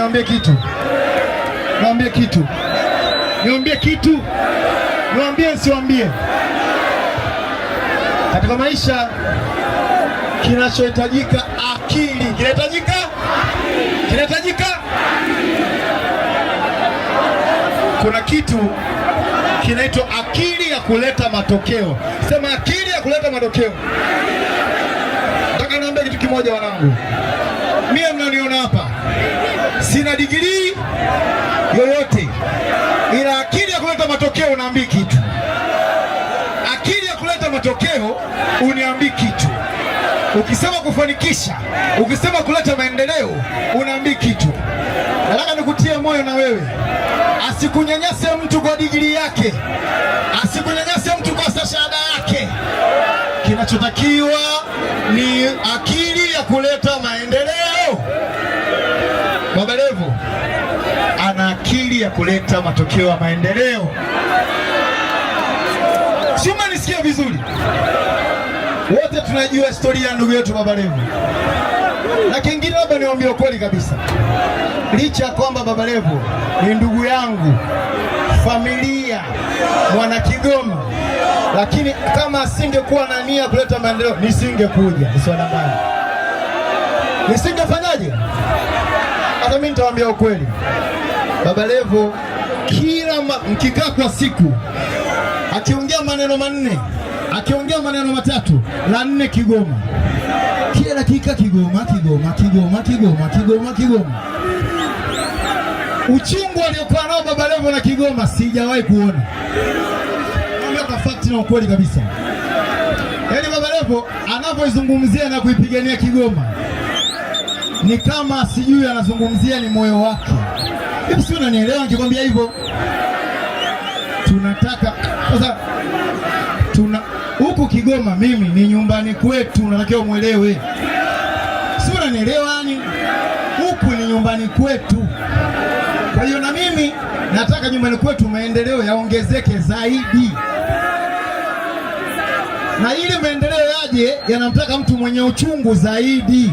niwaambie kitu, niwaambie kitu, niwaambie kitu, niwaambie, nsiwaambie. Katika maisha kinachohitajika akili, kinahitajika, kinahitajika. Kuna kitu kinaitwa akili ya kuleta matokeo. Sema akili ya kuleta matokeo. Nataka niwaambie kitu kimoja, wanangu, mie mnaniona hapa sina digirii yoyote, ila akili ya kuleta matokeo unaambii kitu. Akili ya kuleta matokeo uniambii kitu. Ukisema kufanikisha, ukisema kuleta maendeleo unaambii kitu. Nataka nikutie moyo na wewe, asikunyanyase mtu kwa digirii yake, asikunyanyase mtu kwa shahada yake. Kinachotakiwa ni akili ya kuleta maendeleo. ya kuleta matokeo ya maendeleo. Sio, mnanisikia vizuri? Wote tunajua historia ya ndugu yetu Baba Levo, na kingine labda niwaambie ukweli kabisa, licha ya kwamba Baba Levo ni ndugu yangu, familia, mwana Kigoma, lakini kama asingekuwa na nia kuleta maendeleo nisingekuja Msonamano, nisingefanyaje? Hata mimi nitawaambia ukweli. Baba Levo kila mkikaa kwa siku akiongea maneno manne akiongea maneno matatu la nne Kigoma, kila dakika Kigoma, Kigoma, Kigoma, Kigoma, Kigoma, Kigoma. Uchungu aliokuwa nao Baba Levo na Kigoma sijawahi kuona fakti na ukweli kabisa. Yaani Baba Levo anapoizungumzia na kuipigania Kigoma ni kama sijui anazungumzia ni moyo wake hivi, si unanielewa nikikwambia hivyo? Tunataka sasa tuna huku Kigoma, mimi ni nyumbani kwetu, natakiwa mwelewe, si unanielewa? Yani huku ni nyumbani kwetu, kwa hiyo na mimi nataka nyumbani kwetu maendeleo yaongezeke zaidi, na ili maendeleo yaje yanamtaka mtu mwenye uchungu zaidi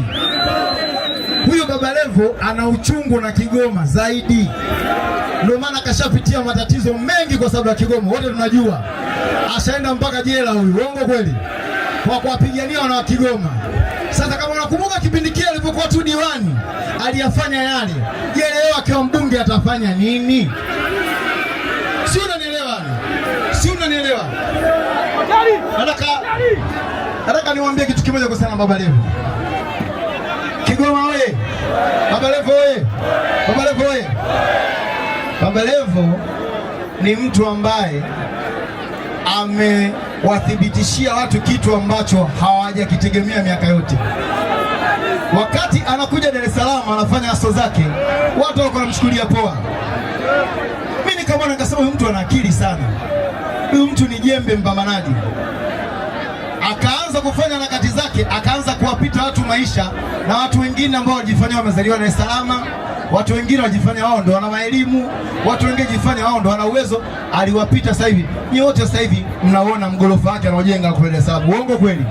huyu Baba Levo ana uchungu na Kigoma zaidi, ndio maana kashapitia matatizo mengi kwa sababu ya Kigoma, wote tunajua. Ashaenda mpaka jela huyu, uongo kweli, kwa kuwapigania wana wa Kigoma. Sasa kama unakumbuka kipindi kile alipokuwa tu diwani aliyafanya yale, je, leo akiwa mbunge atafanya nini? Si unanielewa? Si unanielewa? Nataka niwaambie kitu kimoja kuhusiana na Baba Levo. Kigoma oye! Baba oye! Baba oye! ni mtu ambaye amewathibitishia watu kitu ambacho hawajakitegemea miaka yote. Wakati anakuja Dar es Salaam anafanya aso zake, watu wako wanamchukulia poa. Mimi nikamwona nikasema, huyu mtu ana akili sana, huyu mtu ni jembe mpambanaji akaanza kufanya harakati zake, akaanza kuwapita watu maisha na watu wengine ambao wajifanya wamezaliwa Dar es Salaam, watu wengine wajifanya wao ndo wana elimu, watu wengine wajifanya wao ndo wana uwezo, aliwapita. Sasa hivi ni wote, sasa hivi mnaona mgorofa wake anaojenga kwa Dar es Salaam, uongo kweli?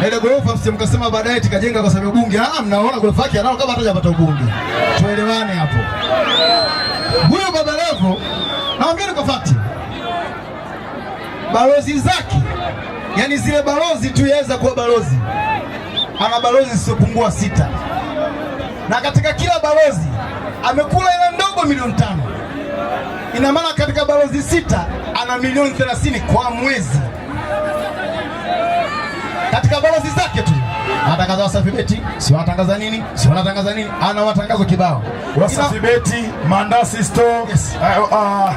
Na ile gorofa msije mkasema baadaye tikajenga kwa sababu bunge. Ah, mnaona gorofa yake anao kama hatajapata ubunge, tuelewane hapo. Huyo Baba Levo naambieni kwa fakti, balozi zake Yaani zile balozi tu yaweza kuwa balozi, ana balozi zisizopungua sita, na katika kila balozi amekula hela ndogo milioni tano. Ina maana katika balozi sita ana milioni 30 kwa mwezi katika balozi zake tu anatangaza Wasafi Beti, si wanatangaza nini, si wanatangaza nini, ana matangazo kibao Wasafi Beti, Mandasi Store, yes. uh, uh,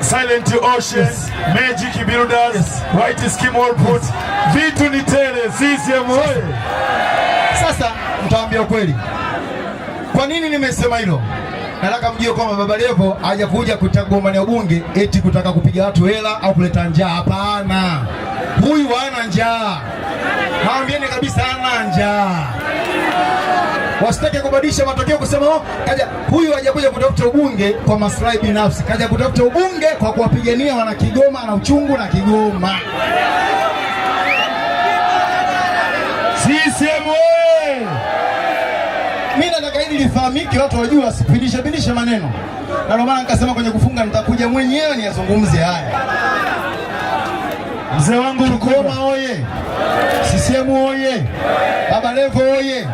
Silent Ocean, yes. Magic Builders, yes. White Skim All Put, yes. vitu ni tele CCM oye. Sasa mtaambia ukweli, kwa nini nimesema hilo? Nataka mjue kwamba Baba Levo hajakuja kugombania ubunge eti kutaka kupiga watu hela au kuleta njaa. Hapana, huyu hana njaa haambieni kabisa ana njaa, wasitake kubadilisha matokeo kusema oh, kaja huyu hajakuja kutafuta ubunge kwa maslahi binafsi, kaja kutafuta ubunge kwa kuwapigania wana Kigoma na uchungu na Kigoma. CCM Mimi nataka hili lifahamike, watu wajue, asipindishe pindishe maneno, na ndio maana nikasema kwenye kufunga nitakuja mwenyewe niyazungumze haya. Mzee wangu Rukoma oye! CCM oye! Baba Levo oye!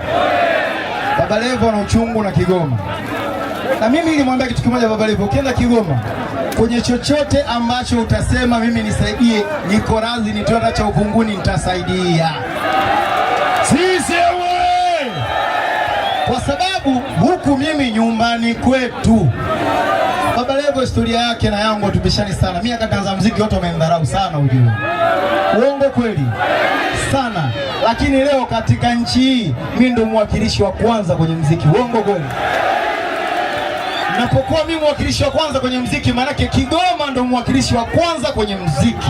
Baba Levo ana uchungu na Kigoma, na mimi nilimwambia kitu kimoja Baba Levo, ukienda Kigoma kwenye chochote ambacho utasema mimi nisaidie, niko radhi, nitoe hata cha uvunguni, nitasaidia CCM, kwa sababu huku mimi nyumbani kwetu Baba Levo historia yake na yangu tupishani sana. Mimi akatanza muziki wote wamemdharau sana ujue. Uongo kweli? Sana. Lakini leo katika nchi hii mimi ndo mwakilishi wa kwanza kwenye muziki. Uongo kweli? Napokuwa mimi mwakilishi wa kwanza kwenye muziki, yake Kigoma ndo mwakilishi wa kwanza kwenye muziki.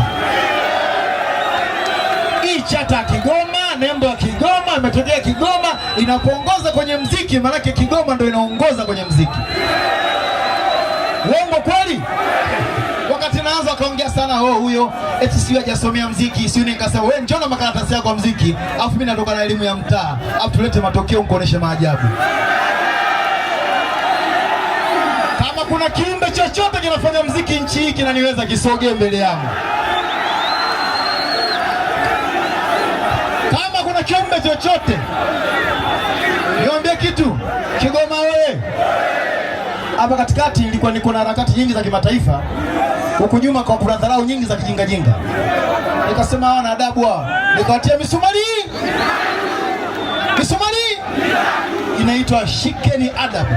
Ichata Kigoma, nembo ya Kigoma imetokea Kigoma, inapoongoza kwenye muziki, yake Kigoma ndo inaongoza kwenye muziki. Uongo kweli? Wakati naanza akaongea sana oh, huyo eti sio hajasomea mziki, sio nikasema wewe njoo na makaratasi yako ya mziki, afu mimi natoka na elimu ya mtaa, afu tulete matokeo nikuoneshe maajabu. Kama kuna kiumbe chochote kinafanya mziki nchi hii kinaniweza, kisogee mbele yangu. Kama kuna kiumbe chochote niambie kitu Kigoma, wewe hapa katikati ilikuwa niko na harakati nyingi za kimataifa, huku nyuma kwa kuna dharau nyingi za kijingajinga. Nikasema hawa na adabu hawa, nikawatia misumari, misumari inaitwa shikeni adabu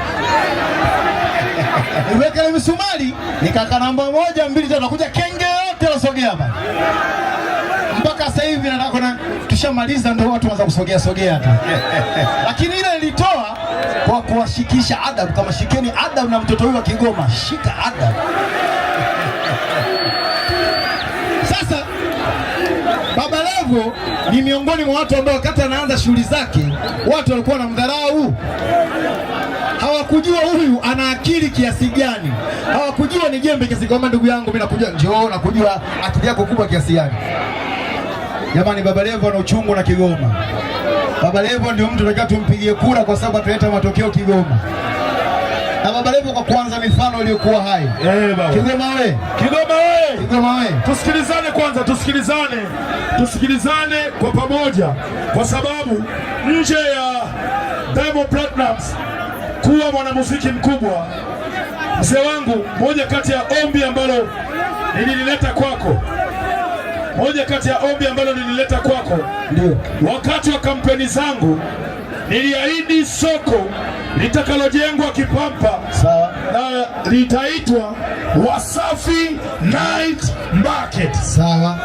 Niwekele misumari nikaka namba moja mbili tatu, nakuja kenge yote wasogea hapa mpaka sasa hivi, na tushamaliza, ndio watu wanaanza kusogea sogea hapa lakini ikiisha adab, kama shikeni adab na mtoto huyu wa Kigoma, shika adab. Sasa Baba Levo ni miongoni mwa watu ambao wakati anaanza shughuli zake watu walikuwa na mdharau hawakujua huyu ana akili kiasi gani, hawakujua ni jembe kiasi. Kwa ndugu yangu, mimi nakujua, njoo nakujua akili yako kubwa kiasi gani. Jamani, Baba Levo ana uchungu na Kigoma. Baba Levo ndio mtu tunataka tumpigie kura kwa sababu ataleta matokeo Kigoma. Na Baba Levo kwa kwanza mifano iliyokuwa hai. Eh, baba. Kigoma we. Kigoma we. Kigoma we. Tusikilizane kwanza, tusikilizane. Tusikilizane kwa pamoja kwa sababu nje ya Diamond Platnumz kuwa mwanamuziki mkubwa, mzee wangu, moja kati ya ombi ambalo nililileta kwako moja kati ya ombi ambalo nilileta kwako, ndio wakati wa kampeni zangu niliahidi soko litakalojengwa Kipampa sawa, na litaitwa Wasafi Night Market sawa.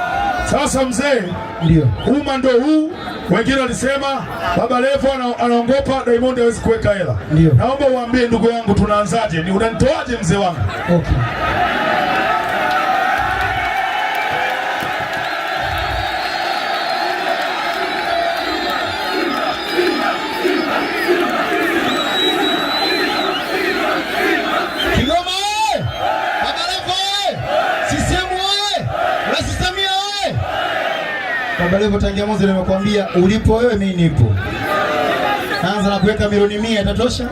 Sasa mzee, ndio umma ndo huu. Wengine walisema Baba Levo anaongopa, Diamond hawezi kuweka hela. Naomba uambie ndugu yangu, tunaanzaje? Unanitoaje mzee wangu? Okay. Angalia hapo tangia mwanzo nimekwambia ulipo wewe mimi nipo. Anza na kuweka milioni 100 itatosha?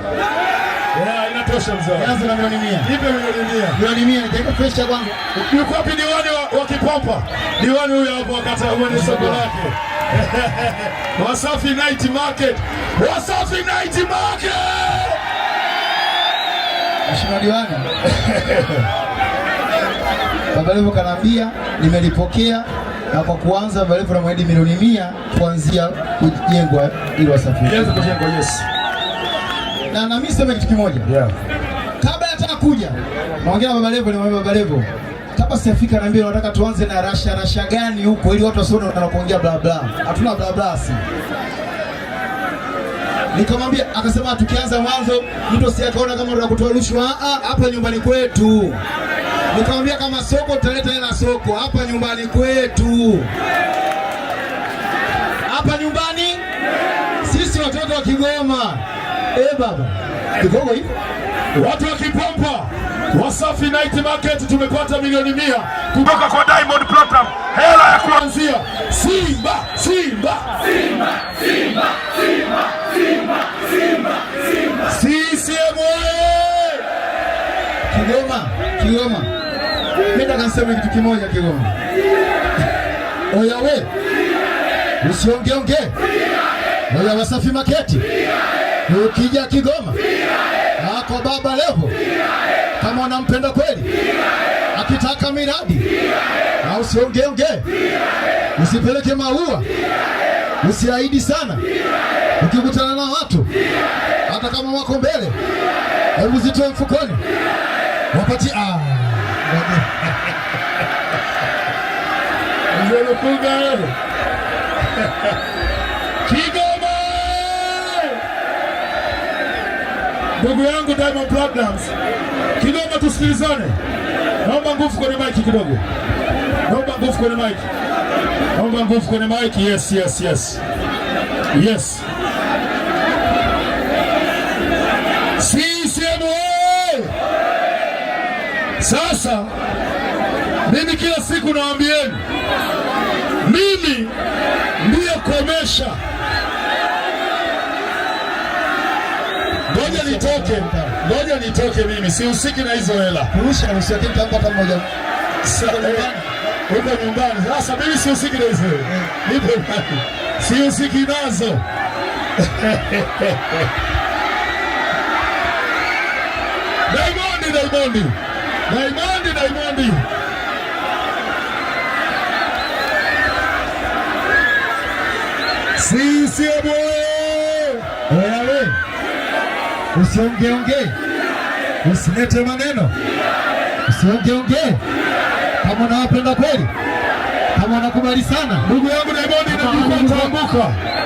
Yeah, inatosha mzee. Anza na milioni 100. Nipe milioni 100. Milioni 100 nitaweka pressure kwanza. Yuko wapi diwani wa, wa Kipopa? Diwani huyo hapo akata mwenye soko lake. Wasafi Night Market. Wasafi Night Market. Mheshimiwa diwani. Baba leo kanaambia nimelipokea na kwa kuanza marefu na maili milioni mia kuanzia kujengwa ili wasafiri. Yes, yes. Na na mimi sema kitu kimoja. Yeah. Kabla hata kuja naongea na Baba Levo, ni Baba Levo. Kabla sijafika na nataka tuanze na rasha rasha gani huko ili watu wasione wanapoongea bla bla. Hatuna bla bla si. Nikamwambia akasema tukianza mwanzo mtu si akaona kama tunatoa rushwa. Ah, hapa nyumbani kwetu nikamwambia kama soko utaleta hela soko, hapa nyumbani kwetu, hapa nyumbani sisi watoto wa Kigoma. Eh baba Kigogo hivi watu wa Kipompa Wasafi Night Market tumepata milioni mia kutoka kwa Diamond Platinum, hela ya kuanzia Simba, Simba, Simba, Simba, Simba, Simba, Simba, Simba, CCM Kigoma, Kigoma. Mimi nakasema kitu kimoja Kigoma. Oya we. Usiongeonge. Oya Wasafi Maketi. Ukija Kigoma. Ako baba leo. Kama unampenda kweli. Akitaka miradi. Au usiongeonge. Usipeleke maua. Usiahidi sana. Ukikutana na watu hata kama wako mbele, hebu zitoe mfukoni wapatie ah. Mzulukuga Kigoma, ndugu yangu Diamond Platnumz, Kigoma, tusikilizane. Naomba nguvu kwenye maiki kidogo, naomba nguvu kwenye maiki, naomba nguvu kwenye maiki. Yes, yes, yes, yes. Si Sasa mimi kila siku nawaambieni, mimi ndiye komesha. Ngoja nitoke, ngoja nitoke, mimi sihusiki na hizo hela huko eh, nyumbani. Sasa mimi sihusiki na hizo hela, eh. nipo ndani, sihusiki nazo Diamond, Diamond Diamond, Diamond. Sisi oye! Usiongeongee, usilete maneno, usiongeongee. Kama unawapenda kweli, kama unakubali sana, ndugu yangu Diamond, nakukumbuka